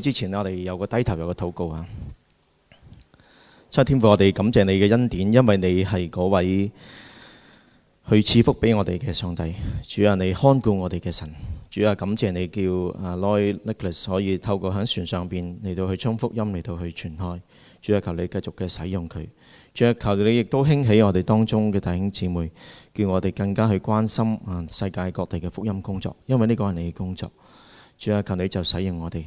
之前我哋有個低頭，有個禱告啊。七天父，我哋感謝你嘅恩典，因為你係嗰位去賜福俾我哋嘅上帝。主啊，你看顧我哋嘅神。主啊，感謝你叫啊，Loy Nicholas 可以透過喺船上邊嚟到去充福音嚟到去傳開。主啊，求你繼續嘅使用佢。主啊，求你亦都興起我哋當中嘅弟兄姊妹，叫我哋更加去關心啊，世界各地嘅福音工作，因為呢個係你嘅工作。主啊，求你就使用我哋。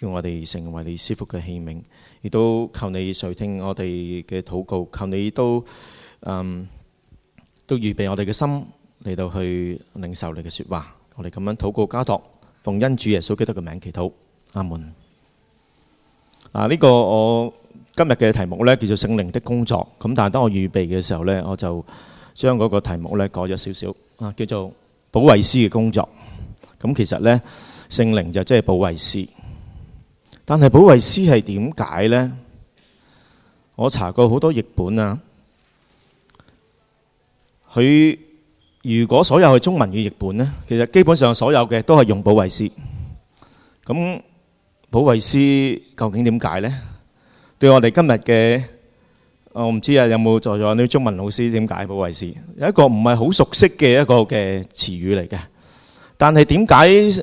叫我哋成為你師傅嘅器皿，亦都求你垂聽我哋嘅禱告。求你都，嗯，都預備我哋嘅心嚟到去領受你嘅說話。我哋咁樣禱告，加托奉恩主耶穌基督嘅名祈禱，阿門。啊，呢個我今日嘅題目咧叫做聖靈的工作。咁但係當我預備嘅時候咧，我就將嗰個題目咧改咗少少啊，叫做保惠師嘅工作。咁其實咧，聖靈就即係保惠師。但係保惠師係點解呢？我查過好多譯本啊，佢如果所有嘅中文語譯本呢，其實基本上所有嘅都係用保惠師。咁保惠師究竟點解呢？對我哋今日嘅，我唔知啊，有冇在座啲中文老師點解保惠師？有一個唔係好熟悉嘅一個嘅詞語嚟嘅。但係點解？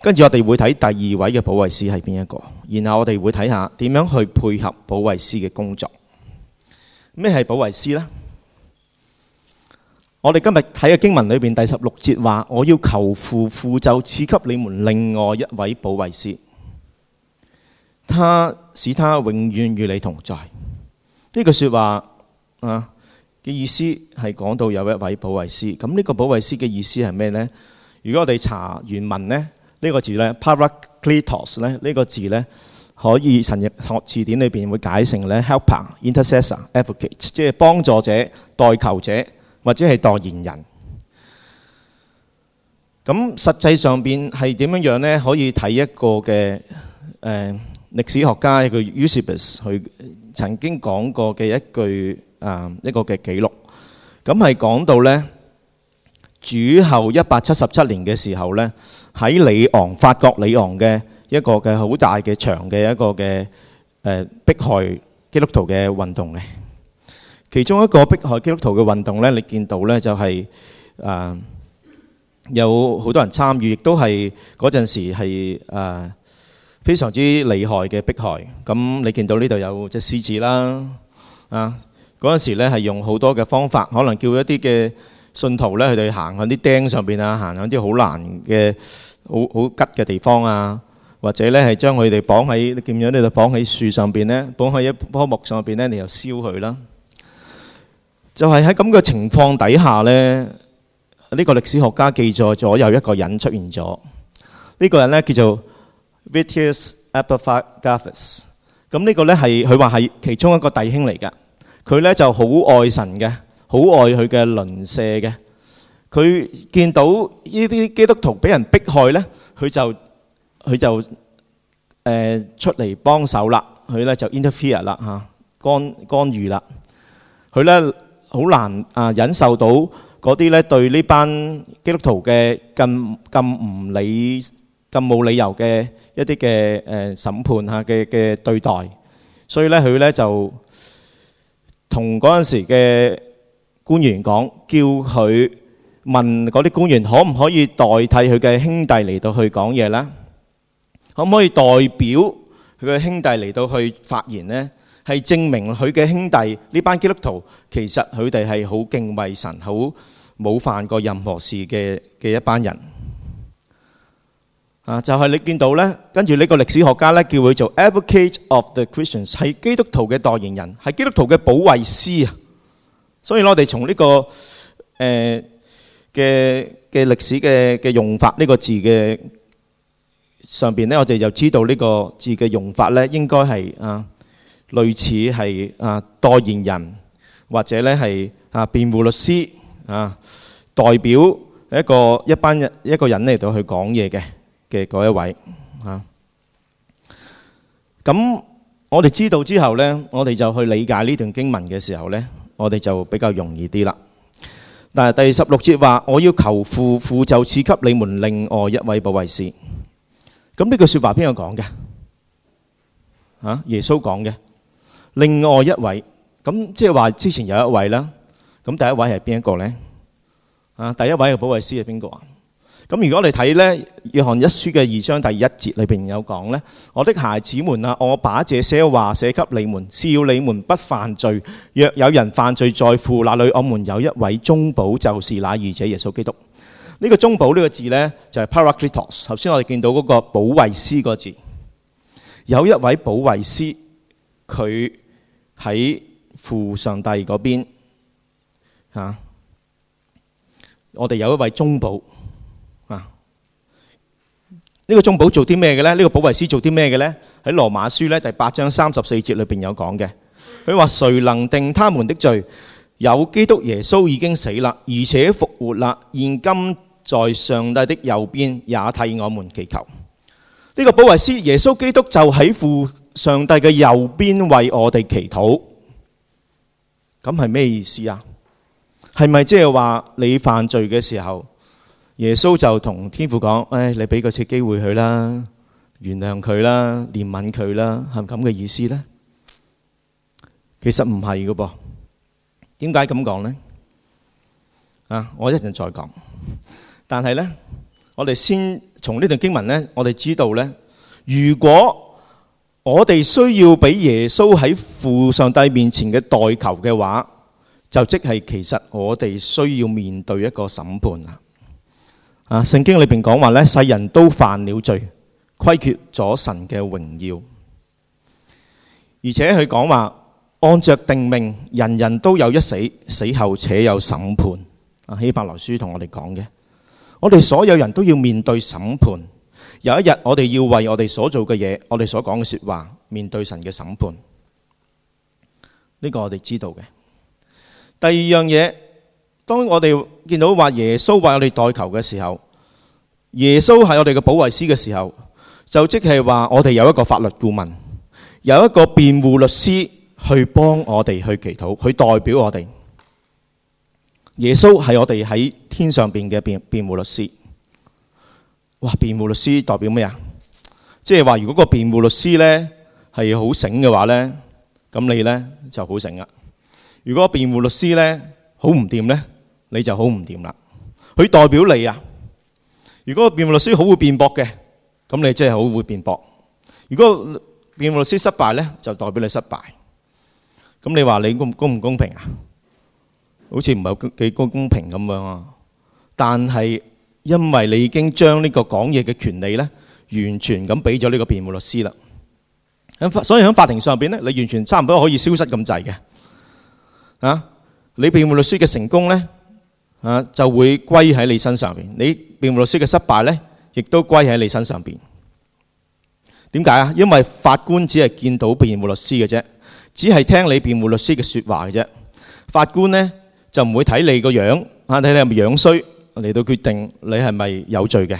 跟住我哋會睇第二位嘅保惠師係邊一個，然後我哋會睇下點樣去配合保惠師嘅工作。咩係保惠師呢？我哋今日睇嘅經文裏邊第十六節話，我要求父，父就賜給你們另外一位保惠師，他使他永遠與你同在。呢句說話啊嘅意思係講到有一位保惠師。咁呢個保惠師嘅意思係咩呢？如果我哋查原文呢。呢個字咧 parakletos 咧，呢、這個字咧可以神日學字典裏面會解成咧 helper、Hel intercessor、advocate，即係幫助者、代求者或者係代言人。咁實際上面係點樣樣咧？可以睇一個嘅誒歷史學家一、e us, 一呃、一個 Eusebius 佢曾經講過嘅一句啊一個嘅記錄，咁係講到咧主後一百七十七年嘅時候咧。喺里昂，法國里昂嘅一個嘅好大嘅場嘅一個嘅誒迫害基督徒嘅運動咧，其中一個迫害基督徒嘅運動咧，你見到咧就係、是、誒、呃、有好多人參與，亦都係嗰陣時係、呃、非常之厲害嘅迫害。咁你見到呢度有隻獅子啦，啊嗰陣時咧係用好多嘅方法，可能叫一啲嘅。信徒咧，佢哋行喺啲釘上邊啊，行喺啲好難嘅好好拮嘅地方啊，或者咧係將佢哋綁喺點樣，你就綁喺樹上邊咧，綁喺一棵木上邊咧，你就燒佢啦。就係喺咁嘅情況底下咧，呢、這個歷史學家記載咗有一個人出現咗。呢、這個人咧叫做 Vettius Epagathus 咁呢個咧係，佢話係其中一個弟兄嚟嘅。佢咧就好愛神嘅。好愛佢嘅鄰舍嘅，佢見到呢啲基督徒俾人迫害咧，佢就佢就誒出嚟幫手啦。佢咧就 interfere 啦嚇，干干預啦。佢咧好難啊，忍受到嗰啲咧對呢班基督徒嘅咁咁唔理咁冇理由嘅一啲嘅誒審判嚇嘅嘅對待，所以咧佢咧就同嗰陣時嘅。官員講，叫佢問嗰啲官員，可唔可以代替佢嘅兄弟嚟到去講嘢咧？可唔可以代表佢嘅兄弟嚟到去發言咧？係證明佢嘅兄弟呢班基督徒，其實佢哋係好敬畏神、好冇犯過任何事嘅嘅一班人。啊，就係你見到咧，跟住呢個歷史學家咧，叫佢做 advocate of the Christians，係基督徒嘅代言人，係基督徒嘅保惠師啊！所以我哋從呢個誒嘅嘅歷史嘅嘅用，用法呢個字嘅上邊咧，我哋就知道呢個字嘅用法咧，應該係啊類似係啊代言人或者咧係啊辯護律師啊，代表一個一班人一個人，嚟到去講嘢嘅嘅嗰一位啊。咁我哋知道之後咧，我哋就去理解呢段經文嘅時候咧。我哋就比較容易啲啦。但係第十六節話，我要求父，父就賜給你們另外一位保惠師。咁呢句說話邊個講嘅？啊，耶穌講嘅。另外一位，咁即係話之前有一位啦。咁第一位係邊一個咧？啊，第一位嘅保惠師係邊個啊？咁如果你睇咧《約翰一書》嘅二章第一節裏邊有講咧，我的孩子們啊，我把這些話寫給你們，是要你們不犯罪。若有人犯罪在乎，在父那裏，我們有一位中保，就是那二者耶穌基督。呢、這個中保呢個字咧就係、是、parakletos 頭先我哋見到嗰個保惠師個字，有一位保惠師，佢喺父上帝嗰邊、啊、我哋有一位中保。呢個中保做啲咩嘅呢？呢個保惠師做啲咩嘅呢？喺羅馬書第八章三十四節裏邊有講嘅，佢話誰能定他們的罪？有基督耶穌已經死啦，而且復活啦，現今在上帝的右邊，也替我們祈求。呢個保惠師耶穌基督就喺父上帝嘅右邊為我哋祈禱。咁係咩意思啊？係咪即係話你犯罪嘅時候？耶穌就同天父講，誒、哎，你俾個次機會佢啦，原諒佢啦，憐憫佢啦，係唔係咁嘅意思呢？其實唔係噶噃，點解咁講呢？啊、我一陣再講。但係呢，我哋先從呢段經文呢，我哋知道呢，如果我哋需要俾耶穌喺父上帝面前嘅代求嘅話，就即係其實我哋需要面對一個審判。啊，聖經裏面講話世人都犯了罪，虧缺咗神嘅榮耀。而且佢講話，按着定命，人人都有一死，死後且有審判。啊，希伯來書同我哋講嘅，我哋所有人都要面對審判。有一日，我哋要為我哋所做嘅嘢、我哋所講嘅說話，面對神嘅審判。呢個我哋知道嘅。第二樣嘢。當我哋見到話耶穌為我哋代求嘅時候，耶穌係我哋嘅保惠師嘅時候，就即係話我哋有一個法律顧問，有一個辯護律師去幫我哋去祈禱，佢代表我哋。耶穌係我哋喺天上邊嘅辯辯護律師。哇！辯護律師代表咩啊？即係話如果個辯護律師呢係好醒嘅話呢，咁你呢就好醒啦。如果個辯護律師呢好唔掂呢？你就好唔掂啦。佢代表你啊。如果個辯護律師好會辯駁嘅，咁你真係好會辯駁。如果辯護律師失敗呢，就代表你失敗。咁你話你公公唔公平啊？好似唔係幾公公平咁樣。但係因為你已經將呢個講嘢嘅權利呢，完全咁俾咗呢個辯護律師啦。所以喺法庭上面呢，你完全差唔多可以消失咁滯嘅。你辯護律師嘅成功呢？啊，就會歸喺你身上邊。你辯護律師嘅失敗咧，亦都歸喺你身上邊。點解啊？因為法官只係見到辯護律師嘅啫，只係聽你辯護律師嘅說話嘅啫。法官咧就唔會睇你個樣啊，睇你係咪樣衰嚟，到決定你係咪有罪嘅。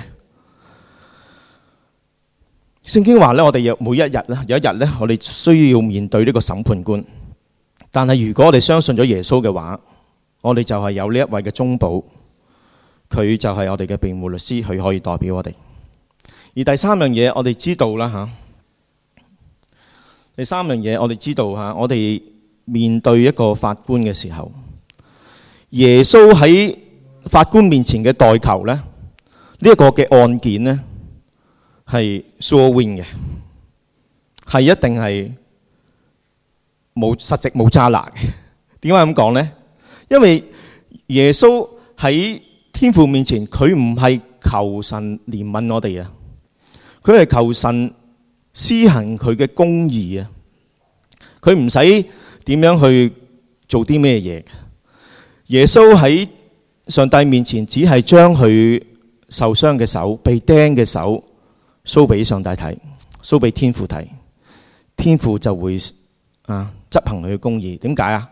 聖經話咧，我哋有每一日咧，有一日咧，我哋需要面對呢個審判官。但係如果我哋相信咗耶穌嘅話，我哋就係有呢一位的中保，佢就是我哋的辯護律師，佢可以代表我哋。而第三樣嘢我哋知道啦，第三樣嘢我哋知道，我哋面對一個法官的時候，耶穌喺法官面前的代求咧，呢、這、一個案件咧係 sure win 的，是一定係冇實質冇揸拿的。點解咁講呢？因為耶穌喺天父面前，佢唔係求神憐憫我哋啊，佢係求神施行佢嘅公義啊。佢唔使點樣去做啲咩嘢。耶穌喺上帝面前，只係將佢受傷嘅手，被釘嘅手，show 俾上帝睇，show 俾天父睇，天父就會啊執行佢嘅公義。點解啊？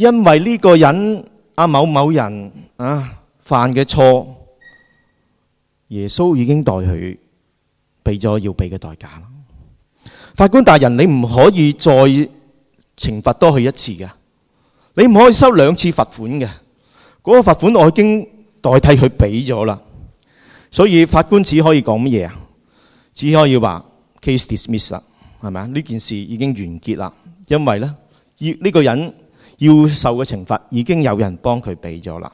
因為呢個人阿某某人啊犯嘅錯，耶穌已經代佢俾咗要俾嘅代價啦。法官大人，你唔可以再懲罰多佢一次噶，你唔可以收兩次罰款嘅。嗰、嗰個罰款我已經代替佢俾咗啦，所以法官只可以講乜嘢啊？只可以話 case dismissed 係咪啊？呢件事已經完結啦，因為咧，呢、呢個人，要受嘅懲罰已經有人幫佢俾咗啦，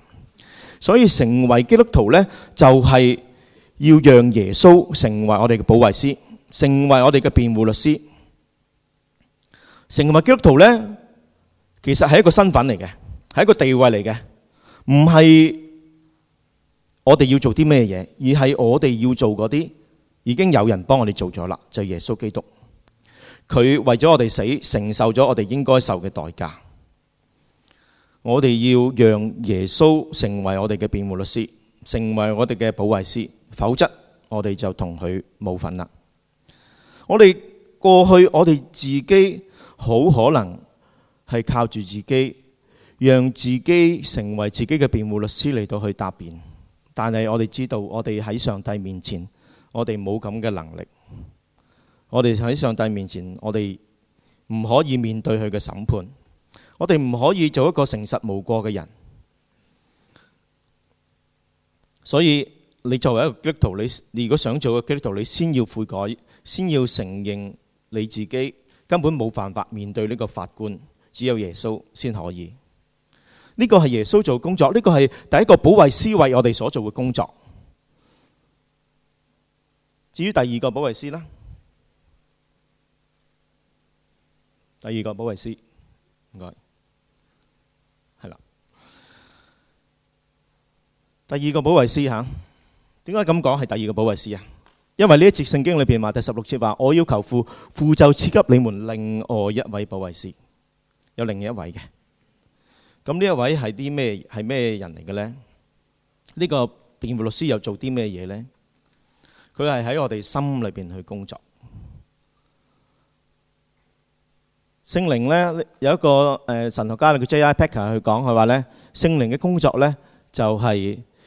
所以成為基督徒呢，就係要讓耶穌成為我哋嘅保惠師，成為我哋嘅辯護律師。成為基督徒呢，其實係一個身份嚟嘅，係一個地位嚟嘅，唔係我哋要做啲咩嘢，而係我哋要做嗰啲已經有人幫我哋做咗啦，就係耶穌基督，佢為咗我哋死，承受咗我哋應該受嘅代價。我哋要讓耶穌成為我哋嘅辯護律師，成為我哋嘅保惠師，否則我哋就同佢冇份啦。我哋過去，我哋自己好可能係靠住自己，讓自己成為自己嘅辯護律師嚟到去答辯。但係我哋知道，我哋喺上帝面前，我哋冇咁嘅能力。我哋喺上帝面前，我哋唔可以面對佢嘅審判。我哋唔可以做一個誠實無過嘅人，所以你作為一個基督徒，你如果想做個基督徒，你先要悔改，先要承認你自己根本冇辦法面對呢個法官，只有耶穌先可以。呢、這個係耶穌做工作，呢、這個係第一個保惠師為我哋所做嘅工作。至於第二個保惠師啦，第二個保惠師，唔該。第二個保惠師吓，點解咁講係第二個保惠師啊？因為呢一節聖經裏邊話第十六節話，我要求父，父就賜給你們另外一位保惠師，有另一位嘅。咁呢一位係啲咩？係咩人嚟嘅咧？呢個辯護律師又做啲咩嘢咧？佢係喺我哋心裏邊去工作。聖靈咧有一個誒神學家叫 J.I. Packer 去講佢話咧，聖靈嘅工作咧就係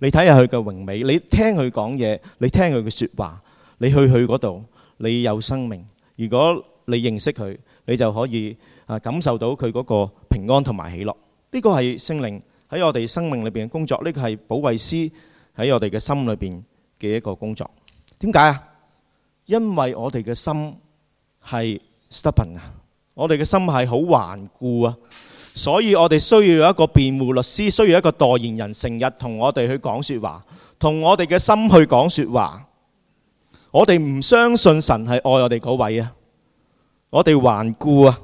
你睇下佢嘅榮美，你聽佢講嘢，你聽佢嘅説話，你去去嗰度，你有生命。如果你認識佢，你就可以啊感受到佢嗰個平安同埋喜樂。呢個係聖靈喺我哋生命裏邊嘅工作，呢個係保惠師喺我哋嘅心裏邊嘅一個工作。點解啊？因為我哋嘅心係 stubborn 啊，我哋嘅心係好頑固啊！所以我哋需要一個辯護律師，需要一個代言人，成日同我哋去講說話，同我哋嘅心去講說話。我哋唔相信神係愛我哋嗰位啊！我哋頑固啊！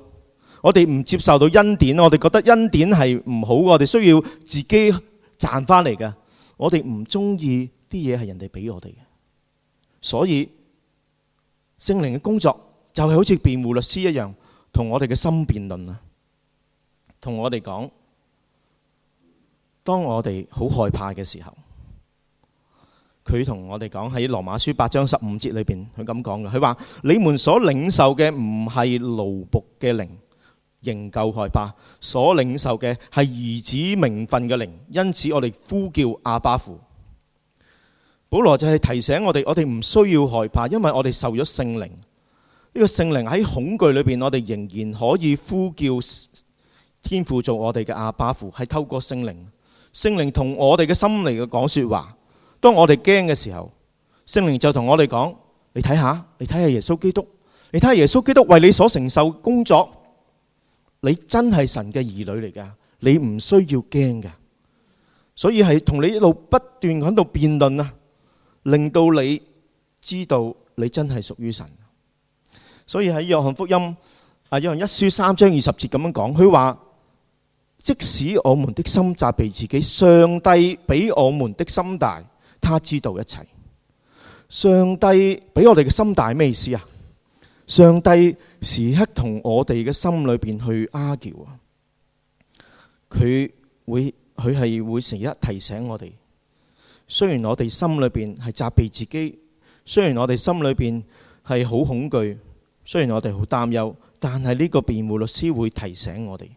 我哋唔接受到恩典，我哋覺得恩典係唔好，我哋需要自己賺翻嚟㗎。我哋唔中意啲嘢係人哋俾我哋嘅。所以聖靈嘅工作就係好似辯護律師一樣，同我哋嘅心辯論啊！同我哋講，當我哋好害怕嘅時候，佢同我哋講，喺羅馬書八章十五節裏邊，佢咁講嘅。佢話你們所領受嘅唔係奴僕嘅靈，仍舊害怕；所領受嘅係兒子名分嘅靈，因此我哋呼叫阿爸父。」保羅就係提醒我哋，我哋唔需要害怕，因為我哋受咗聖靈呢個聖靈，喺恐懼裏邊，我哋仍然可以呼叫。天父做我哋嘅阿爸父，係透過聖靈，聖靈同我哋嘅心嚟去講說話。當我哋驚嘅時候，聖靈就同我哋講：你睇下，你睇下耶穌基督，你睇下耶穌基督為你所承受工作，你真係神嘅兒女嚟噶，你唔需要驚噶。所以係同你一路不斷喺度辯論啊，令到你知道你真係屬於神。所以喺約翰福音啊，約翰一書三章二十節咁樣講，佢話。即使我們的心責備自己，上帝比我們的心大，他知道一切。上帝比我哋嘅心大咩意思啊？上帝時刻同我哋嘅心裏面去 argue 啊！佢會，佢係會成日提醒我哋。雖然我哋心裏面係責備自己，雖然我哋心裏面係好恐懼，雖然我哋好擔憂，但係呢個辯護律師會提醒我哋。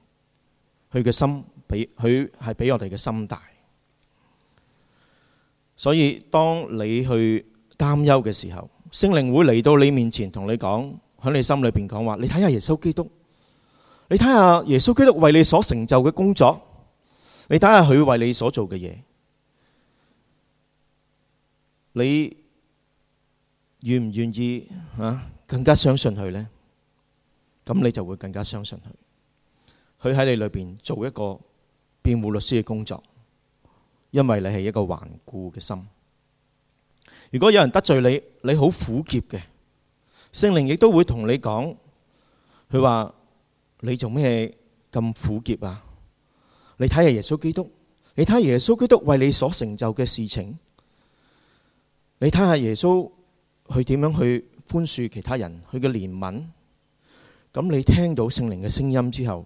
佢嘅心比佢係比我哋嘅心大，所以當你去擔憂嘅時候，聖靈會嚟到你面前同你講，喺你心裏邊講話，你睇下耶穌基督，你睇下耶穌基督為你所成就嘅工作，你睇下佢為你所做嘅嘢，你願唔願意啊？更加相信佢呢，咁你就會更加相信佢。佢喺你裏邊做一個辯護律師嘅工作，因為你係一個頑固嘅心。如果有人得罪你，你好苦澀嘅。聖靈亦都會同你講，佢話你做咩咁苦澀啊？你睇下耶穌基督，你睇下耶穌基督為你所成就嘅事情，你睇下耶穌佢點樣去寬恕其他人，佢嘅憐憫。咁你聽到聖靈嘅聲音之後，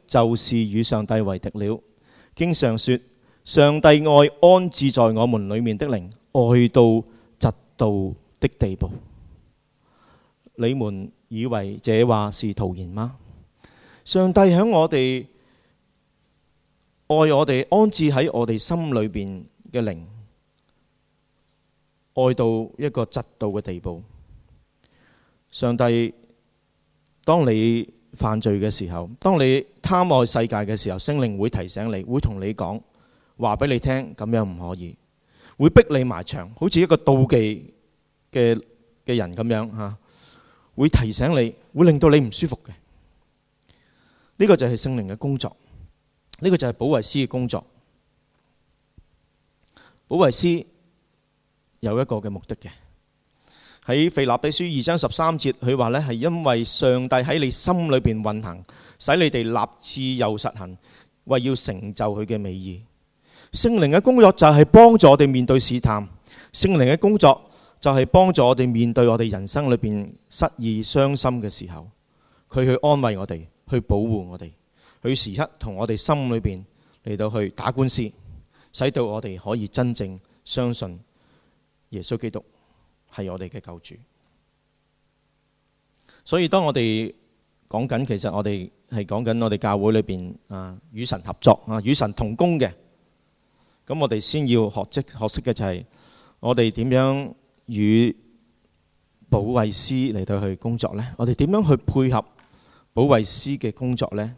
就是與上帝為敵了。經上說，上帝愛安置在我們裏面的靈，愛到嫉妒的地步。你們以為這話是徒然嗎？上帝喺我哋愛我哋安置喺我哋心裏邊嘅靈，愛到一個嫉妒嘅地步。上帝，當你犯罪嘅時候，當你貪愛世界嘅時候，聖靈會提醒你，會同你講話俾你聽，咁樣唔可以，會逼你埋牆，好似一個妒忌嘅嘅人咁樣嚇，會提醒你，會令到你唔舒服嘅。呢個就係聖靈嘅工作，呢個就係保惠師嘅工作。保惠師有一個嘅目的嘅。喺腓立比書二章十三節，佢話咧係因為上帝喺你心裏邊運行，使你哋立志又實行，為要成就佢嘅美意。聖靈嘅工作就係幫助我哋面對試探，聖靈嘅工作就係幫助我哋面對我哋人生裏邊失意傷心嘅時候，佢去安慰我哋，去保護我哋，佢時刻同我哋心裏邊嚟到去打官司，使到我哋可以真正相信耶穌基督。係我哋嘅救主，所以當我哋講緊，其實我哋係講緊我哋教會裏邊啊，與神合作啊，與神同工嘅。咁我哋先要學識學識嘅就係我哋點樣與保惠師嚟到去工作咧？我哋點樣去配合保惠師嘅工作咧？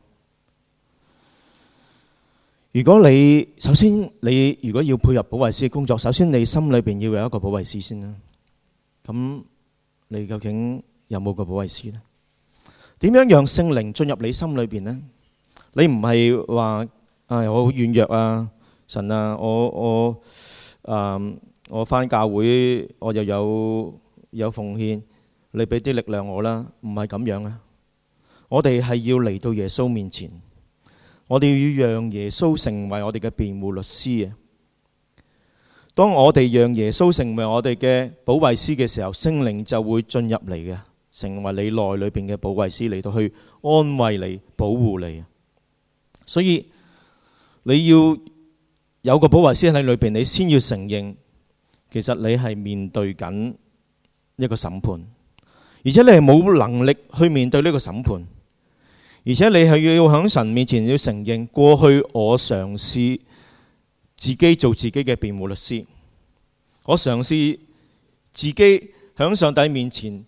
如果你首先你如果要配合保惠師嘅工作，首先你心裏邊要有一個保惠師先啦。咁你究竟有冇個保惠師咧？點樣讓聖靈進入你心裏邊咧？你唔係話唉，我好軟弱啊，神啊，我我、啊、我返教會我又有有奉獻，你俾啲力量我啦，唔係咁樣啊！我哋係要嚟到耶穌面前，我哋要讓耶穌成為我哋嘅辯護律師。當我哋讓耶穌成為我哋嘅保惠師嘅時候，聖靈就會進入嚟嘅，成為你內裏邊嘅保惠師嚟到去安慰你、保護你。所以你要有個保惠師喺裏邊，你先要承認，其實你係面對緊一個審判，而且你係冇能力去面對呢個審判，而且你係要響神面前要承認，過去我嘗試。自己做自己嘅辯護律師，我嘗試自己響上帝面前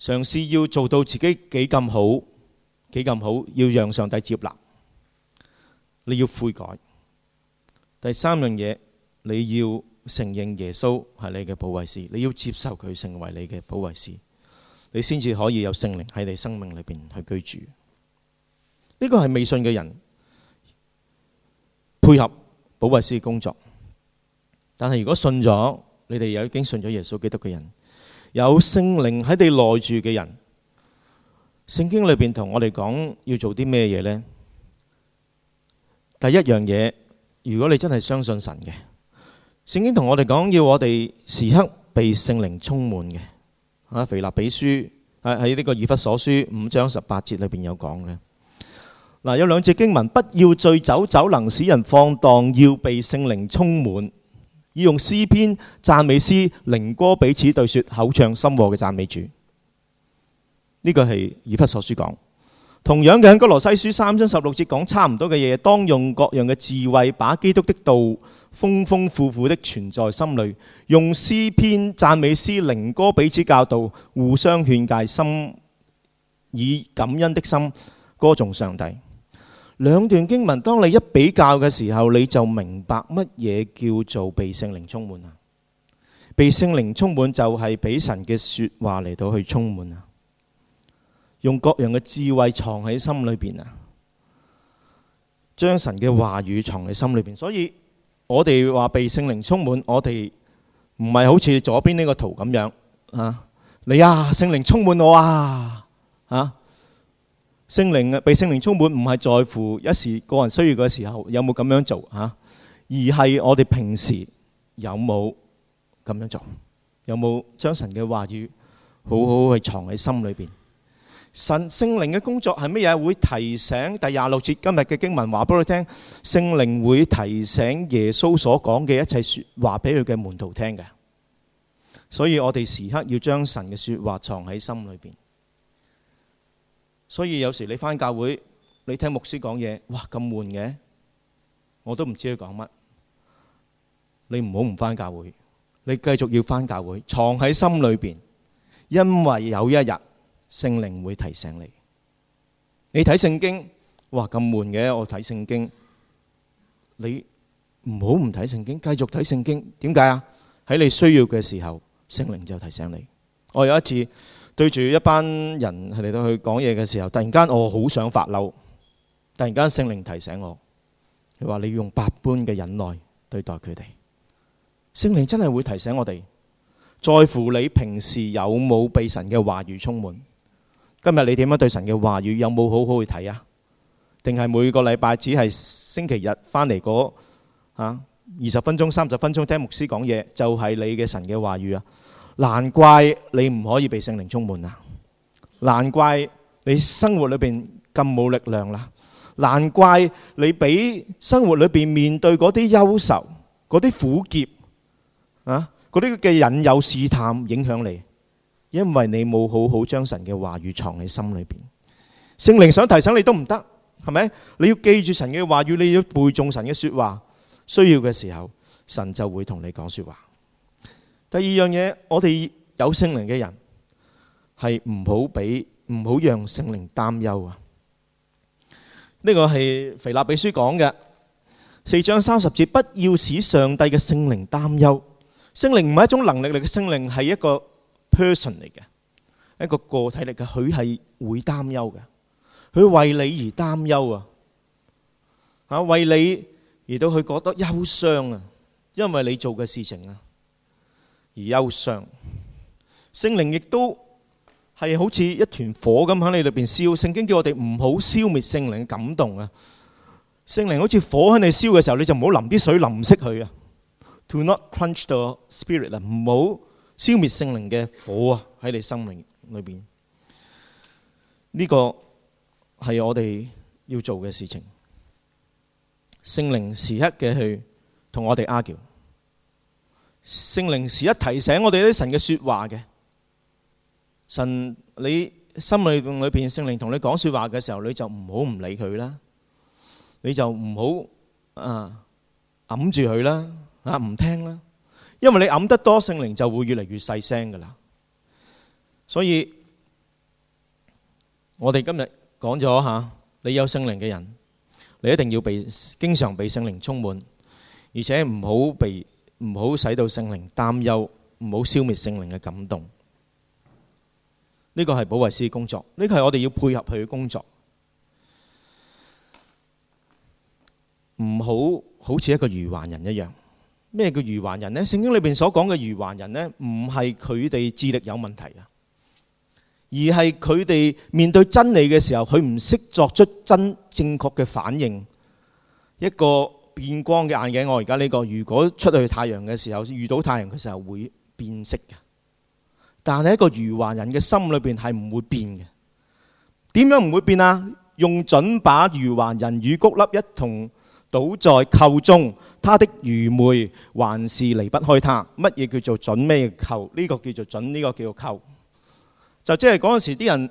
嘗試要做到自己幾咁好，幾咁好，要讓上帝接納。你要悔改，第三樣嘢你要承認耶穌係你嘅保惠師，你要接受佢成為你嘅保惠師，你先至可以有聖靈喺你生命裏邊去居住。呢個係未信嘅人配合。保惠師工作，但係如果信咗，你哋有已經信咗耶穌基督嘅人，有聖靈喺你內住嘅人，聖經裏邊同我哋講要做啲咩嘢咧？第一樣嘢，如果你真係相信神嘅，聖經同我哋講要我哋時刻被聖靈充滿嘅，啊，腓立比書喺呢、這個以弗所書五章十八節裏邊有講嘅。嗱，有兩節經文，不要醉酒，酒能使人放蕩，要被聖靈充滿，要用詩篇、讚美詩、靈歌彼此對説，口唱心和嘅讚美主。呢個係以弗所書講，同樣嘅喺哥羅西書三章十六節講差唔多嘅嘢，當用各樣嘅智慧，把基督的道豐豐富富的存在心裏，用詩篇、讚美詩、靈歌彼此教導，互相勸戒，心以感恩的心歌頌上帝。兩段經文，當你一比較嘅時候，你就明白乜嘢叫做被聖靈充滿啊？被聖靈充滿就係俾神嘅說話嚟到去充滿啊，用各樣嘅智慧藏喺心裏邊啊，將神嘅話語藏喺心裏邊。所以我哋話被聖靈充滿，我哋唔係好似左邊呢個圖咁樣啊，你啊，聖靈充滿我啊，啊！聖靈，被聖靈充滿唔係在乎一時個人需要嘅時候有冇咁樣做吓，啊，而係我哋平時有冇咁樣做，有冇將神嘅話語好好去藏喺心裏邊？神聖靈嘅工作係乜嘢？會提醒第廿六節今日嘅經文話俾佢聽，聖靈會提醒耶穌所講嘅一切說話俾佢嘅門徒聽嘅，所以我哋時刻要將神嘅說話藏喺心裏邊。所以有時你返教會，你聽牧師講嘢，哇咁悶嘅，我都唔知佢講乜。你唔好唔返教會，你繼續要返教會，藏喺心裏邊，因為有一日聖靈會提醒你。你睇聖經，哇咁悶嘅，我睇聖經，你唔好唔睇聖經，繼續睇聖經。點解呀？喺你需要嘅時候，聖靈就提醒你。我有一次。對住一班人係嚟到去講嘢嘅時候，突然間我好想發嬲。突然間聖靈提醒我，佢話：你用百般嘅忍耐對待佢哋。聖靈真係會提醒我哋，在乎你平時有冇被神嘅話語充滿。今日你點樣對神嘅話語，有冇好好去睇啊？定係每個禮拜只係星期日翻嚟嗰二十分鐘、三十分鐘聽牧師講嘢就係你嘅神嘅話語啊？難怪你唔可以被聖靈充滿啊！難怪你生活裏邊咁冇力量啦！難怪你俾生活裏邊面，面對嗰啲憂愁、嗰啲苦澀啊、嗰啲嘅引誘試探影響你，因為你冇好好將神嘅話語藏喺心裏邊。聖靈想提醒你都唔得，係咪？你要記住神嘅話語，語，你要背誦神嘅說話，需要嘅時候，神就會同你講說話。第二樣嘢，我哋有聖靈嘅人係唔好俾唔好讓聖靈擔憂啊！呢個係腓立比書講嘅四章三十節，不要使上帝嘅聖靈擔憂。聖靈唔係一種能力嚟嘅聖靈，係一個 person 嚟嘅，一個個體嚟嘅。佢係會擔憂嘅，佢為你而擔憂啊！吓，為你而到佢覺得憂傷啊，因為你做嘅事情啊。而憂傷，聖靈亦都係好似一團火咁喺你裏邊燒。聖經叫我哋唔好消滅聖靈嘅感動啊！聖靈好似火喺你燒嘅時候，你就唔好淋啲水淋熄佢啊！Do not quench the spirit 啊，唔好消滅聖靈嘅火啊！喺你生命裏邊，呢個係我哋要做嘅事情。聖靈時刻嘅去同我哋 argue。聖靈時，一提醒我哋啲神嘅說話嘅，神你心裏裏邊聖靈同你講說話嘅時候，你就唔好唔理佢啦，你就唔好啊揞住佢啦，啊唔聽啦，因為你揞得多，聖靈就會越嚟越細聲噶啦。所以，我哋今日講咗吓，你有聖靈嘅人，你一定要被經常被聖靈充滿，而且唔好被。唔好使到聖靈擔憂，唔好消滅聖靈嘅感動。呢個係保惠師工作，呢個係我哋要配合佢嘅工作。唔好好似一個愚頑人一樣。咩叫愚頑人呢？聖經裏邊所講嘅愚頑人呢，唔係佢哋智力有問題啊，而係佢哋面對真理嘅時候，佢唔識作出真正確嘅反應。一個。變光嘅眼鏡，我而家呢個，如果出去太陽嘅時候，遇到太陽嘅時候會變色嘅。但係一個愚頑人嘅心裏邊係唔會變嘅。點樣唔會變啊？用准把愚頑人與穀粒一同倒在扣中，他的愚昧還是離不開他。乜嘢叫做准？咩叫溝？呢個叫做准，呢、呢個叫做扣，就即係嗰陣時啲人。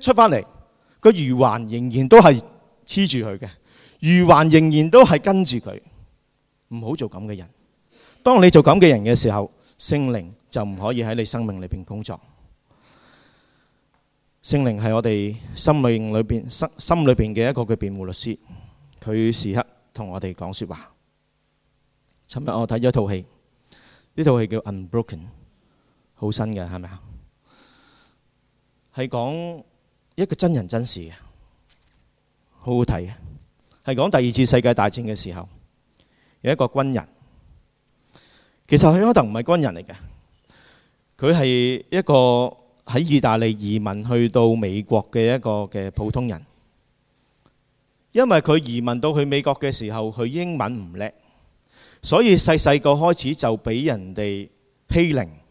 出翻嚟，個餘環仍然都係黐住佢嘅，餘環仍然都係跟住佢。唔好做咁嘅人。當你做咁嘅人嘅時候，聖靈就唔可以喺你生命裏邊工作。聖靈係我哋心命裏邊心心裏邊嘅一個嘅辯護律師，佢時刻同我哋講說話。尋日我睇咗一套戲，呢套戲叫《Unbroken》，好新嘅係咪啊？係講一個真人真事嘅，好好睇嘅。係講第二次世界大戰嘅時候，有一個軍人。其實佢可能唔係軍人嚟嘅，佢係一個喺意大利移民去到美國嘅一個嘅普通人。因為佢移民到去美國嘅時候，佢英文唔叻，所以細細個開始就俾人哋欺凌。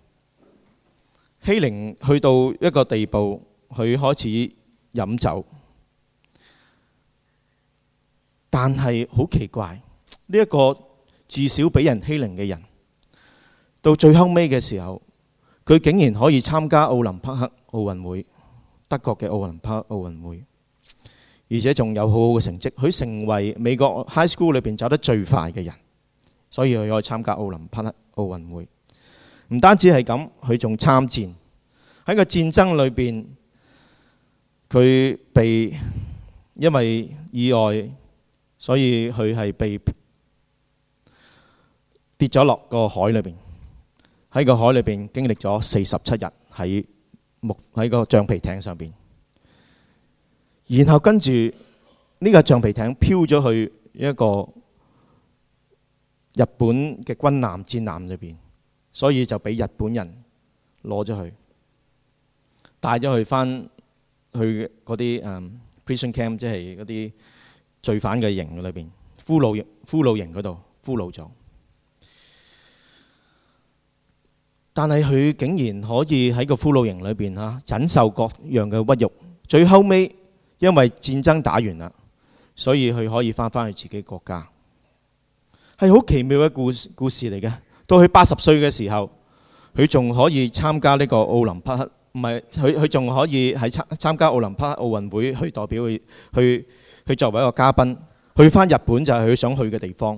欺凌去到一個地步，佢開始飲酒。但係好奇怪，呢、這、一個至少俾人欺凌嘅人，到最後尾嘅時候，佢竟然可以參加奧林匹克奧運會，德國嘅奧林匹克奧運會，而且仲有很好好嘅成績。佢成為美國 high school 裏面走得最快嘅人，所以佢可以參加奧林匹克奧運會。唔單止係咁，佢仲參戰喺個戰爭裏邊，佢被因為意外，所以佢係被跌咗落個海裏邊。喺個海裏邊經歷咗四十七日喺木喺個橡皮艇上邊，然後跟住呢個橡皮艇漂咗去一個日本嘅軍艦戰艦裏邊。所以就俾日本人攞咗佢，帶咗佢返去嗰啲誒 prison camp，即係嗰啲罪犯嘅營裏邊，俘虜營、俘虜營嗰度俘虜咗。但係佢竟然可以喺個俘虜營裏邊嚇忍受各樣嘅屈辱，最後尾因為戰爭打完啦，所以佢可以返返去自己國家，係好奇妙嘅故故事嚟嘅。到佢八十歲嘅時候，佢仲可以參加呢個奧林匹克，唔係佢佢，仲可以喺參參加奧林匹克奧運會，去代表去去去作為一個嘉賓，去翻日本就係佢想去嘅地方。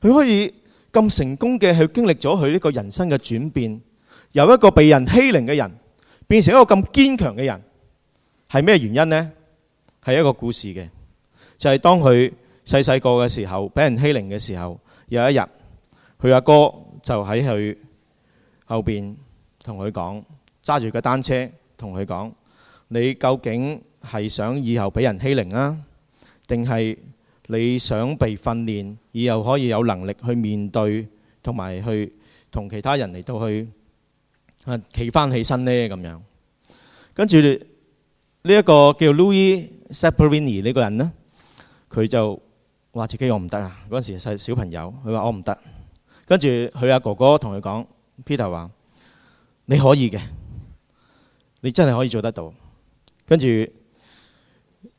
佢可以咁成功嘅，去經歷咗佢呢個人生嘅轉變，由一個被人欺凌嘅人變成一個咁堅強嘅人，係咩原因呢？係一個故事嘅，就係、是、當佢細細個嘅時候俾人欺凌嘅時候，有一日。佢阿哥就喺佢後邊同佢講，揸住個單車同佢講：你究竟係想以後俾人欺凌啊，定係你想被訓練，以後可以有能力去面對，同埋去同其他人嚟到去啊企翻起身呢？咁樣。跟住呢一個叫 Louis Zamperini 呢個人呢，佢就話自己我唔得啊！嗰陣時細小朋友，佢話我唔得。跟住佢阿哥哥同佢講，Peter 話：你可以嘅，你真係可以做得到。跟住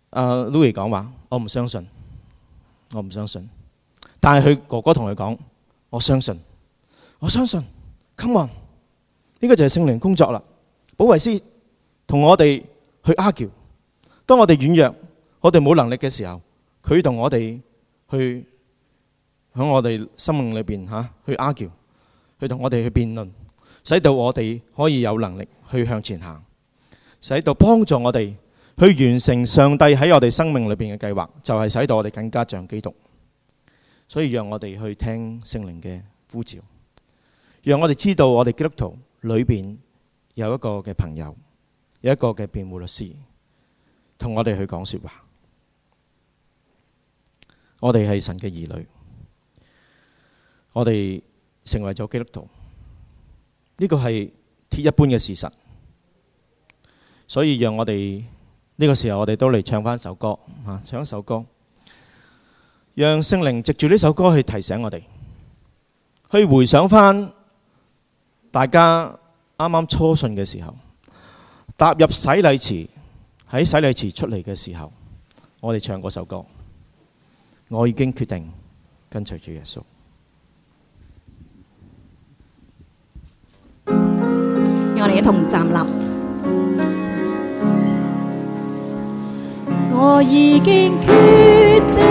阿 Louis 講話：我唔相信，我唔相信。但係佢哥哥同佢講：我相信，我相信。Come on，呢個就係聖靈工作啦。保惠師同我哋去阿橋，當我哋軟弱、我哋冇能力嘅時候，佢同我哋去。喺我哋生命裏邊吓，去 argue，去同我哋去辯論，使到我哋可以有能力去向前行，使到幫助我哋去完成上帝喺我哋生命裏邊嘅計劃，就係使到我哋更加像基督。所以讓我哋去聽聖靈嘅呼召，讓我哋知道我哋基督徒裏邊有一個嘅朋友，有一個嘅辯護律師，同我哋去講說話。我哋係神嘅兒女。我哋成為咗基督徒，呢個係鐵一般嘅事實，所以讓我哋呢個時候，我哋都嚟唱翻首歌，唱一首歌，讓聖靈藉住呢首歌去提醒我哋，去回想翻大家啱啱初信嘅時候，踏入洗禮池，喺洗禮池出嚟嘅時候，我哋唱嗰首歌，我已經決定跟隨住耶穌。我哋一同站立。我已經決定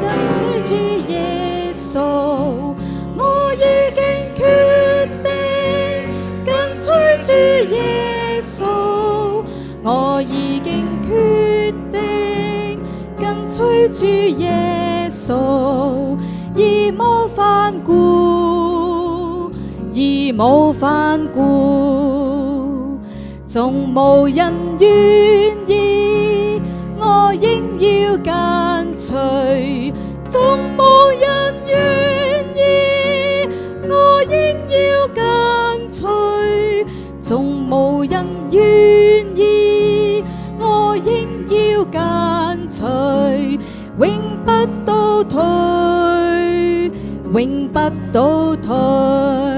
跟隨住耶穌，我已經決定跟隨住耶穌，我已經決定跟隨住耶穌，義無反顧。義無反顧，縱無人願意，我應要跟隨；縱無人願意，我應要跟隨；縱無人願意，我應要跟隨，永不倒退，永不倒退。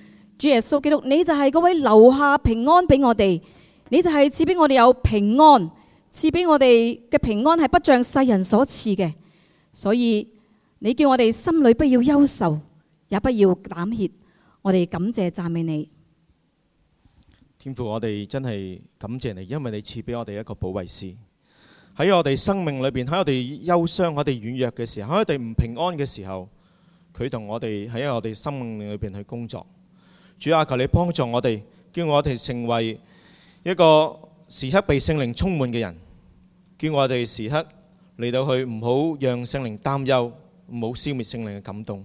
主耶穌基督，你就係嗰位留下平安俾我哋，你就係賜俾我哋有平安，賜俾我哋嘅平安係不像世人所賜嘅。所以你叫我哋心裏不要憂愁，也不要膽怯，我哋感謝讚美你天父。我哋真係感謝你，因為你賜俾我哋一個保惠師喺我哋生命裏邊，喺我哋憂傷、我哋軟弱嘅時候，喺我哋唔平安嘅時候，佢同我哋喺我哋生命裏邊去工作。主啊，求你幫助我哋，叫我哋成為一個時刻被聖靈充滿嘅人，叫我哋時刻嚟到去，唔好讓聖靈擔憂，唔好消滅聖靈嘅感動。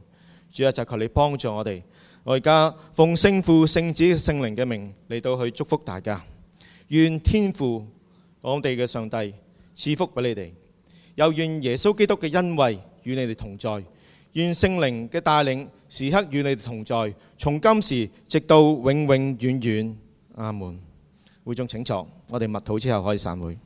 主啊，就求你幫助我哋。我而家奉聖父、聖子、聖靈嘅名嚟到去祝福大家。願天父我哋嘅上帝賜福俾你哋，又願耶穌基督嘅恩惠與你哋同在，願聖靈嘅帶領。時刻與你哋同在，從今時直到永永遠遠。阿門。會眾請坐，我哋默禱之後可以散會。